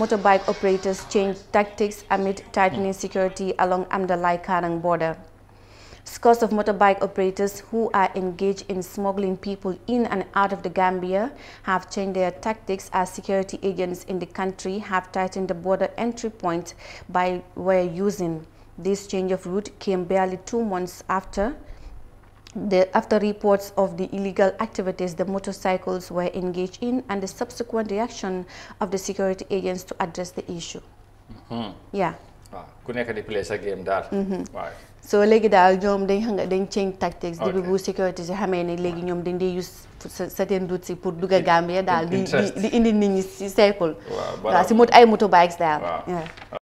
Motorbike operators changed tactics amid tightening security along amdalai Kanang border. Scores of motorbike operators who are engaged in smuggling people in and out of the Gambia have changed their tactics as security agents in the country have tightened the border entry point by were using. This change of route came barely two months after the, after reports of the illegal activities the motorcycles were engaged in and the subsequent reaction of the security agents to address the issue. Mm -hmm. Yeah. Ah, game mm-hmm. so léegi daal ñoom dañ then change tactics. The depuis bu sécurité si xamee ne then they use certain routes yi pour the a Gambia in the di indi nit ñi si motorbikes